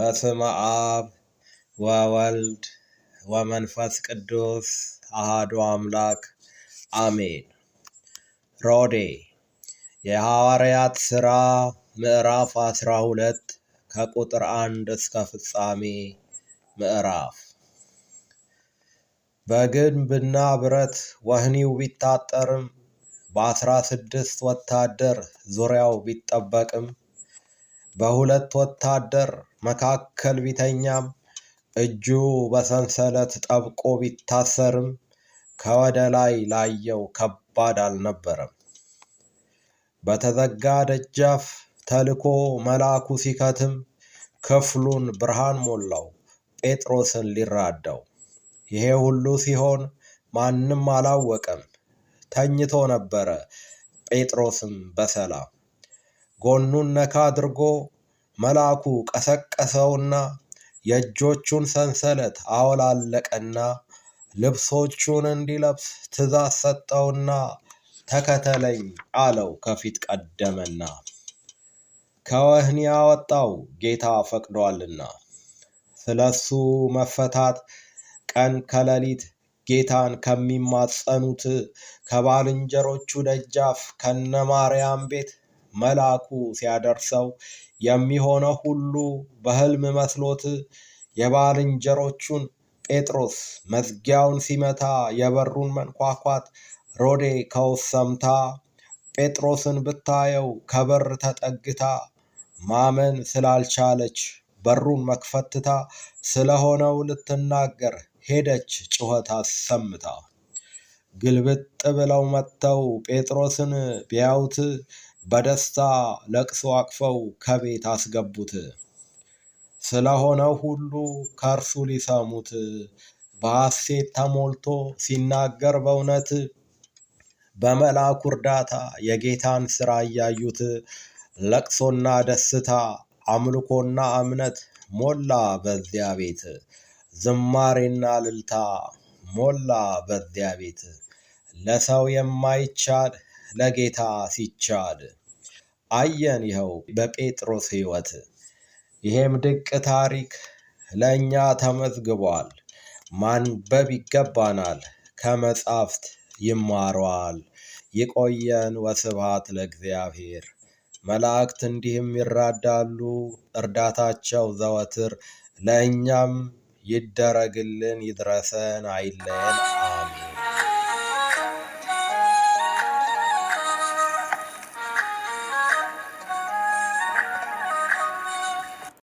በስመ አብ ወወልድ ወመንፈስ ቅዱስ አሃዱ አምላክ አሜን። ሮዴ የሐዋርያት ሥራ ምዕራፍ አስራ ሁለት ከቁጥር አንድ እስከ ፍጻሜ ምዕራፍ በግንብና ብረት ወህኒው ቢታጠርም በአስራ ስድስት ወታደር ዙሪያው ቢጠበቅም በሁለት ወታደር መካከል ቢተኛም እጁ በሰንሰለት ጠብቆ ቢታሰርም ከወደ ላይ ላየው ከባድ አልነበረም። በተዘጋ ደጃፍ ተልኮ መልአኩ ሲከትም ክፍሉን ብርሃን ሞላው ጴጥሮስን ሊራዳው። ይሄ ሁሉ ሲሆን ማንም አላወቀም፣ ተኝቶ ነበረ ጴጥሮስም በሰላም ጎኑን ነካ አድርጎ መልአኩ ቀሰቀሰውና የእጆቹን ሰንሰለት አወላለቀና ልብሶቹን እንዲለብስ ትእዛዝ ሰጠውና ተከተለኝ አለው። ከፊት ቀደመና ከወህኒ ያወጣው ጌታ ፈቅዷልና ስለ እሱ መፈታት ቀን ከሌሊት ጌታን ከሚማጸኑት ከባልንጀሮቹ ደጃፍ ከነ ማርያም ቤት መልአኩ ሲያደርሰው የሚሆነ ሁሉ በሕልም መስሎት የባልንጀሮቹን ጴጥሮስ መዝጊያውን ሲመታ የበሩን መንኳኳት ሮዴ ከውስጥ ሰምታ ጴጥሮስን ብታየው ከበር ተጠግታ ማመን ስላልቻለች በሩን መክፈትታ ስለሆነው ልትናገር ሄደች ጩኸት አሰምታ። ግልብጥ ብለው መጥተው ጴጥሮስን ቢያዩት በደስታ ለቅሶ አቅፈው ከቤት አስገቡት። ስለሆነ ሁሉ ከእርሱ ሊሰሙት በሐሴት ተሞልቶ ሲናገር በእውነት በመልአኩ እርዳታ የጌታን ሥራ እያዩት ለቅሶና ደስታ አምልኮና እምነት ሞላ በዚያ ቤት፣ ዝማሬና ልልታ ሞላ በዚያ ቤት፣ ለሰው የማይቻል ለጌታ ሲቻል አየን ይኸው በጴጥሮስ ሕይወት። ይሄም ድንቅ ታሪክ ለእኛ ተመዝግቧል። ማንበብ ይገባናል፣ ከመጻሕፍት ይማሯል። ይቆየን። ወስብሐት ለእግዚአብሔር። መላእክት እንዲህም ይራዳሉ፣ እርዳታቸው ዘወትር ለእኛም ይደረግልን፣ ይድረሰን፣ አይለየን። አሜን።